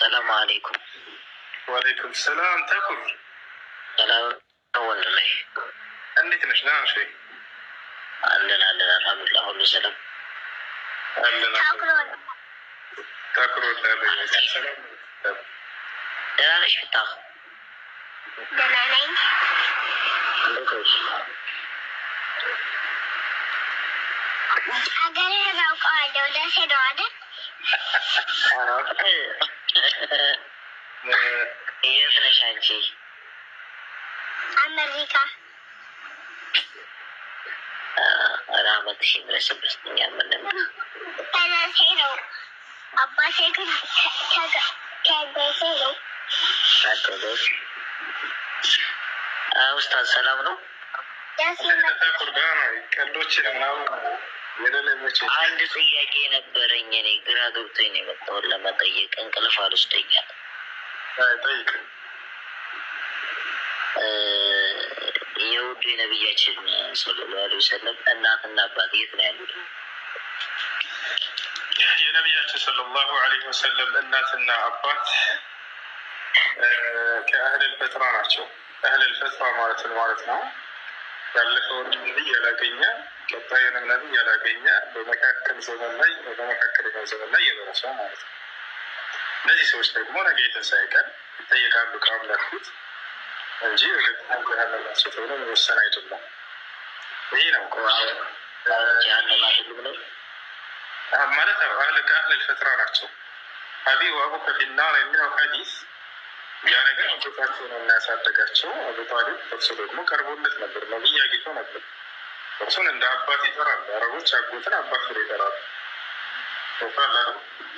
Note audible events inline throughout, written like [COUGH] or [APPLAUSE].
ሰላም አለይኩም። ወአለይኩም ሰላም። ተኩር ሰላም ወንድሜ፣ እንዴት ነሽ? ደህና ነሽ? አለን አለን፣ አልሐምዱላ ሁሉ ሰላም ደህና ነሽ? ፍታ ደህና ነኝ። አገሬ አውቀዋለሁ። ሄደዋለን የት ነሽ አንቺ? አሜሪካ ራመት ሺ ድረስ ምንም ተነሴ ነው። አባቴ ግን ተገሴ ነው። ኡስታዝ ሰላም ነው። ቀልዶች ምናምን አንድ ጥያቄ ነበረኝ። እኔ ግራ ገብቶኝ ነው የመጣሁት ለመጠየቅ። እንቅልፍ አልወስደኛል። የውዱ የነቢያችን ሰለላሁ ዐለይሂ ወሰለም እናትና አባት የት ነው ያሉት? የነቢያችን ሰለላሁ ዐለይሂ ወሰለም እናትና አባት ከአህልል ፈትራ ናቸው። አህልል ፈትራ ማለት ማለት ነው ያለፈውን ጊዜ ያላገኘ ቀጣዩን ምናምን ያላገኘ በመካከል ዘመን ላይ በመካከለኛ ዘመን ላይ የደረሰ ማለት ነው። እነዚህ ሰዎች ደግሞ ነገ የትንሣኤ ቀን ይጠየቃሉ ከአምላክ ፊት እንጂ ገናቸው ተብሎ መወሰን አይደለም። ይህ ነው ማለት ነው። አህል ከአህል ልፈጥራ ናቸው አቢ ወአቡከ ፊናር የሚለው ሀዲስ ያ ነገር አብሮታቸው ነው እናያሳደጋቸው። አቡጣሊ እርሱ ደግሞ ቀርቦለት ነበር፣ ነቢይ አግኝቶ ነበር። እርሱን እንደ አባት ይጠራል። አረቦች አጎትን አባት ብሎ ይጠራሉ። ላ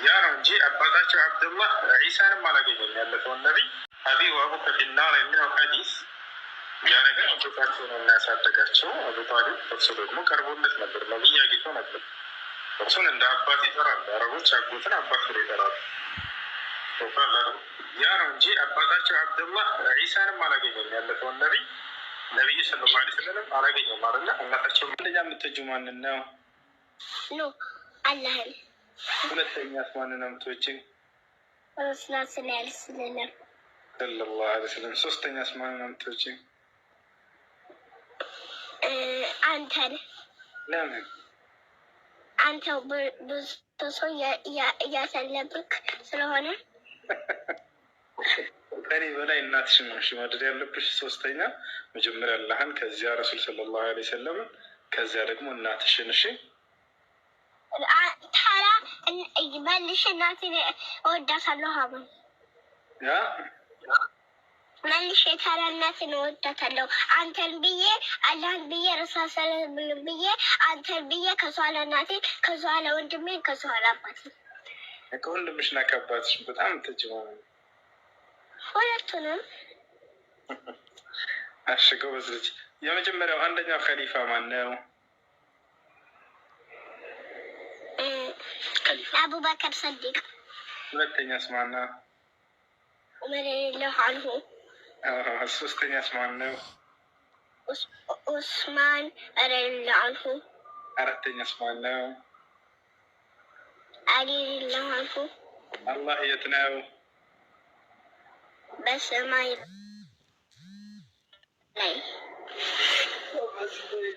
ያ ነው እንጂ አባታቸው አብደላህ ዒሳንም አላገኘም። ያለፈውን ነቢ አቢ ዋቡከ ፊናር የሚለው ሀዲስ ያ ነገር አብሮታቸው ነው እናያሳደጋቸው። አቡጣሊ እርሱ ደግሞ ቀርቦለት ነበር፣ ነቢይ አግኝቶ ነበር። እርሱን እንደ አባት ይጠራል። አረቦች አጎትን አባት ብሎ ይጠራሉ። ያ ነው እንጂ አባታቸው አብደላ ዒሳንም አላገኘም። ያለፈውን ነቢ ነቢዩ ሰለላሁ ዐለይሂ ወሰለም አላገኘም አለ። እናታቸው አንደኛ የምትወጂው ማንን ነው? ኖ አላህን። ሁለተኛ ማንን ነው የምትወጂው? ረሱላችን ያልስልለም ሰለላሁ ሶስተኛ ማንን ነው የምትወጂው? አንተን። ለምን አንተው ብዙ ሰው እያሰለብክ ስለሆነ ከኔ በላይ እናትሽ ነው ማድረግ ያለብሽ። ሶስተኛ መጀመሪያ አላህን፣ ከዚያ ረሱል ሰለላሁ ዐለይሂ ወሰለምን፣ ከዚያ ደግሞ እናትሽን። እሺ ታራ መልሽ፣ እናቴን እወዳታለሁ። ሀቡ ያ መልሽ የታራ እናቴን እወዳታለሁ። አንተን ብዬ አላህን ብዬ ረሳሰለ ብዬ አንተን ብዬ ከሷ ለእናቴን ከሷ ለወንድሜን ከሷ ለአባቴን ከወንድምሽና ከአባትሽ በጣም ተጅማ ሁለቱንም አሽገው [LAUGHS] በዝልጅ የመጀመሪያው አንደኛው ከሊፋ ማን ነው? አቡበከር ሰዲቅ። ሁለተኛ ስማና ዑመር የሌለው አንሁ። ሶስተኛ ስማን ነው? ኡስማን ረሌለው አልሁ። አራተኛ ስማን ነው? الله عنه الله يتناو بس ما يبقى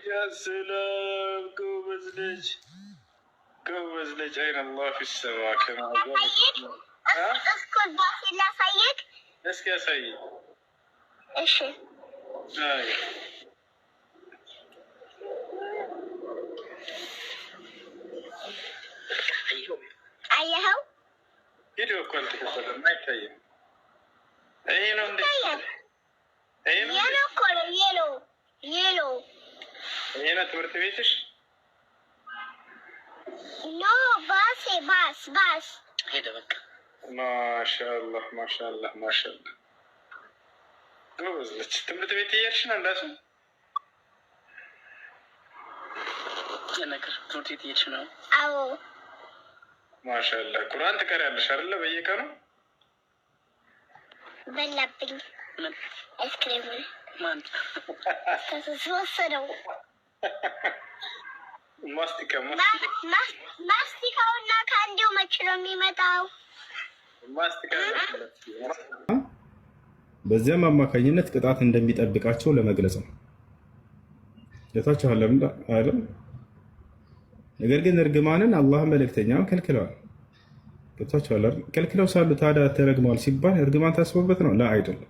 يا سلام كوبز ليش كوبز ليش الله في السماء كما اسكت بس لا سيد اسكت يا سيد ايش هاي طيب. አይታይም። ይሄ ነው እንዴ? ሄሎ እኮ ነው ሄሎ ሄሎ። ይሄ ነው ትምህርት ቤትሽ? ኖ ባሴ ባስ ባስ ሄደ። በቃ ማሻአላህ ማሻአላህ ማሻአላህ። ጎበዝ ትምህርት ቤት እየሄድሽ ነው እንዳሱ ነገር ትምህርት ቤት እየሄድሽ ነው? አዎ ማሻአላህ። ቁርአን ትቀሪያለሽ አይደለ በየቀኑ? በላብኝ። አይስክሬም ወሰደው። ማስቲካውና መች ነው የሚመጣው? በዚያም አማካኝነት ቅጣት እንደሚጠብቃቸው ለመግለጽ ነው። የታቸው ነገር ግን እርግማንን አላህ መልእክተኛም ከልክለዋል። ገብታችኋል። ከልክለው ሳሉ ታዲያ ተረግመዋል ሲባል እርግማን ታስቦበት ነው? ላ አይደለም።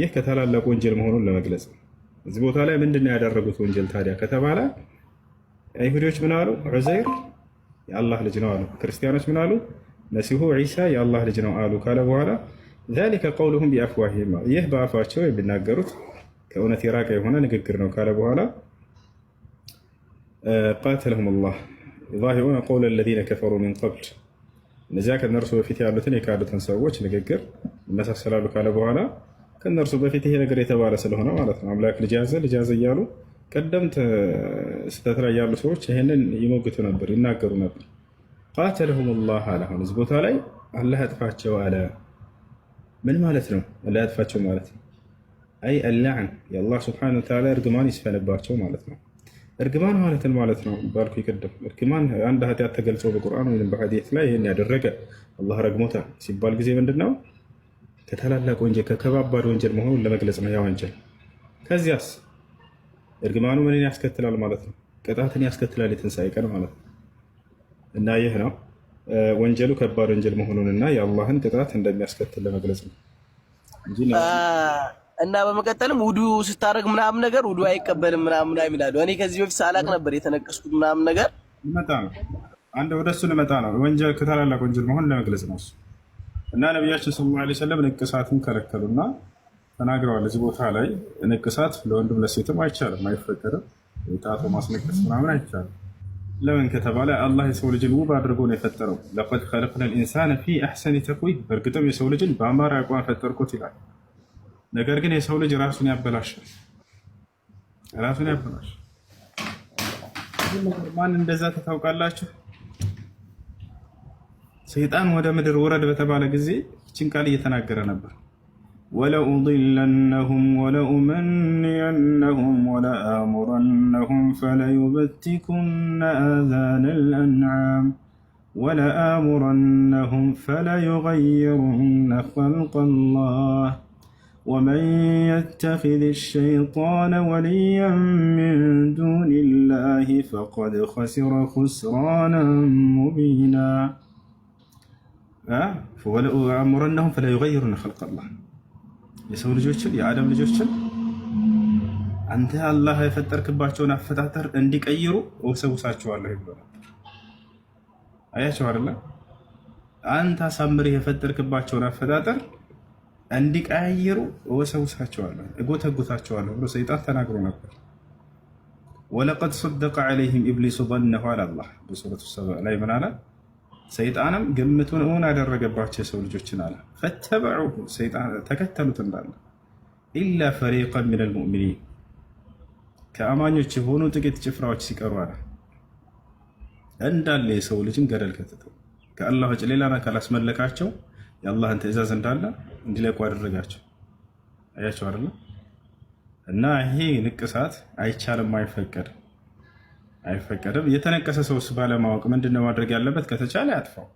ይህ ከታላላቅ ወንጀል መሆኑን ለመግለጽ እዚህ ቦታ ላይ ምንድን ነው ያደረጉት ወንጀል ታዲያ ከተባለ አይሁዶች ምን አሉ? ዑዘይር የአላህ ልጅ ነው አሉ። ክርስቲያኖች ምን አሉ? መሲሁ ዒሳ የአላህ ልጅ ነው አሉ ካለ በኋላ ዛሊከ ቀውሉሁም ቢአፍዋሂም፣ ይህ በአፋቸው የሚናገሩት ከእውነት የራቀ የሆነ ንግግር ነው ካለ በኋላ ቃተለሁም አላህ ዛሂሩነ ቀውለ ለዚነ ከፈሩ ሚን ቀብል እነዚያ ከእነርሱ በፊት ያሉትን የካዱትን ሰዎች ንግግር ይመሳሰላሉ ካለ በኋላ ከእነርሱ በፊት ይሄ ነገር የተባለ ስለሆነ ማለት ነው። አምላክ ልጅ ያዘ ልጅ ያዘ እያሉ ቀደምት ስህተት ላይ ያሉ ሰዎች ይህንን ይሞግቱ ነበር፣ ይናገሩ ነበር። ቃተለሁም ላህ አለ። አሁን እዚህ ቦታ ላይ አላህ ያጥፋቸው አለ። ምን ማለት ነው? አላህ ያጥፋቸው ማለት ነው። አይ አላዕን የአላህ ስብሓነሁ ወተዓላ እርግማን ይስፈንባቸው ማለት ነው። እርግማን ማለትን ማለት ነው ባልኩ ቅድም። እርግማን አንድ ኃጢአት ተገልጸው በቁርአን ወይም በሀዲት ላይ ይህን ያደረገ አላህ ረግሞታ ሲባል ጊዜ ምንድነው ከታላላቅ ወንጀል ከከባባድ ወንጀል መሆኑን ለመግለጽ ነው ያ ወንጀል። ከዚያስ እርግማኑ ምንን ያስከትላል ማለት ነው? ቅጣትን ያስከትላል፣ የትንሳኤ ቀን ማለት ነው። እና ይህ ነው ወንጀሉ ከባድ ወንጀል መሆኑንና የአላህን ቅጣት እንደሚያስከትል ለመግለጽ ነው እንጂ እና በመቀጠልም ውዱ ስታደርግ ምናምን ነገር ውዱ አይቀበልም ምናምን ይላሉ። እኔ ከዚህ በፊት ሳላቅ ነበር የተነቀስኩት ምናምን ነገር ልመጣ ነው አንድ ወደ እሱ ልመጣ ነው። ወንጀል ከታላላቅ ወንጀል መሆን ለመግለጽ ነው እና ነቢያችን ሰለላሁ ዐለይሂ ወሰለም ንቅሳትን ከለከሉና ተናግረዋል። እዚህ ቦታ ላይ ንቅሳት ለወንድም ለሴትም አይቻልም፣ አይፈቀድም። የጣቶ ማስነቀስ ምናምን አይቻልም። ለምን ከተባለ አላህ የሰው ልጅን ውብ አድርጎ ነው የፈጠረው። ለቀድ ኸለቅነል ኢንሳን ፊ አሕሰኒ ተቅዊም፣ በእርግጥም የሰው ልጅን በአማራ አቋም ፈጠርኩት ይላል ነገር ግን የሰው ልጅ ራሱን ያበላሻል፣ ራሱን ያበላሻል። ማን እንደዛ ታውቃላችሁ? ሰይጣን ወደ ምድር ውረድ በተባለ ጊዜ ይችን ቃል እየተናገረ ነበር። ወለኡድለነሁም ወለኡመንየነሁም ወለአሙረነሁም ፈለዩበቲኩነ አዛነል አንዓም ወለአሙረነሁም ፈለዩገይሩነ ላህ ومن يتخذ الشيطان وليا من دون الله فقد خسر خسرانا مبينا أه؟ فولأمرنهم فلا يغيرن خلق الله የሰው ልጆችን عندك ልጆችን አንተ አላህ የፈጠርክባቸውን الله እንዲቀይሩ أيا ይባላል። الله أنت አንተ يفتر የፈጠርክባቸውን አፈጣጠር እንዲቀያየሩ እወሰውሳቸዋለሁ እጎተጉታቸዋለሁ ብሎ ሰይጣን ተናግሮ ነበር። ወለቀድ ሰደቀ ዓለይህም ኢብሊሱ በነሁ አላላህ በሱረቱ ሰበእ ላይ ምን አለ? ሰይጣንም ግምቱን እውን አደረገባቸው የሰው ልጆችን አለ። ፈተበዑ ተከተሉት እንዳለ ኢላ ፈሪቀ ሚነል ሙእሚኒን ከአማኞች የሆኑ ጥቂት ጭፍራዎች ሲቀሩ አለ እንዳለ የሰው ልጅም ገደል ከተተው ከአላህ ውጭ ሌላን ካላስመለካቸው የአላህን ትእዛዝ እንዳለ እንዲለቁ አደረጋቸው። አያቸው አይደለ? እና ይሄ ንቅሳት አይቻልም፣ አይፈቀድም፣ አይፈቀድም። የተነቀሰ ሰውስ ባለማወቅ ምንድን ማድረግ ያለበት? ከተቻለ ያጥፋው፣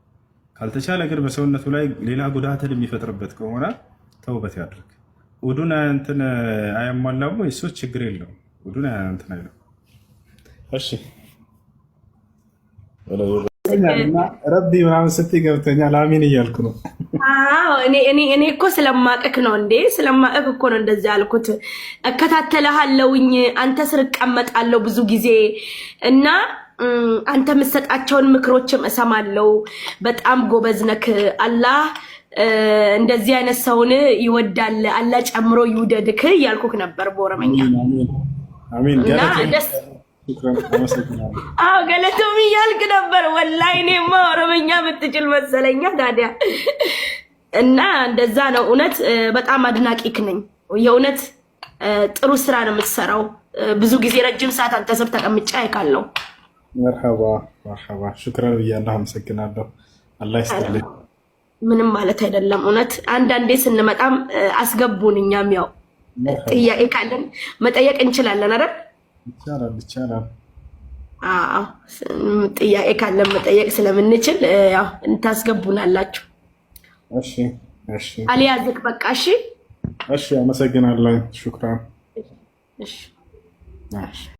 ካልተቻለ ግን በሰውነቱ ላይ ሌላ ጉዳትን የሚፈጥርበት ከሆነ ተውበት ያድርግ። ውዱን እንትን አያሟላም ወይ እሱ ችግር የለውም። ውዱን እንትን አይለው። እሺ ረቢ ምናምን ስትይ ገብተኛል። አሚን እያልኩ ነው እኔ እኮ ስለማቅክ ነው እንዴ ስለማቅክ እኮ ነው እንደዚህ አልኩት። እከታተልሃለሁኝ አንተ ስር እቀመጣለሁ ብዙ ጊዜ እና አንተ የምትሰጣቸውን ምክሮችም እሰማለሁ። በጣም ጎበዝ ነክ። አላህ እንደዚህ አይነት ሰውን ይወዳል። አላህ ጨምሮ ይውደድክ እያልኩክ ነበር በኦሮመኛ አዎ ገለቶም እያልክ ነበር። ወላሂ እኔማ ኦሮምኛ የምትችል መሰለኛ ታዲያ። እና እንደዛ ነው። እውነት በጣም አድናቂክ ነኝ። የእውነት ጥሩ ስራ ነው የምትሰራው። ብዙ ጊዜ ረጅም ሰዓት አንተ ስር ተቀምጬ አይካለሁ። መርሐባ መርሐባ፣ ሹክረን ብያለሁ። አመሰግናለሁ። አላህ ይስጥልኝ። ምንም ማለት አይደለም። እውነት አንዳንዴ ስንመጣም አስገቡን። እኛም ያው ጥያቄ ካለን መጠየቅ እንችላለን አይደል? ይቻላል ይቻላል። ጥያቄ ካለን መጠየቅ ስለምንችል ያው እንታስገቡናላችሁ። እሺ እሺ። አልያዝክ በቃ እሺ እሺ። አመሰግናለሁ። ሹክራን። እሺ አመሰግናለሁ ሹክራን እሺ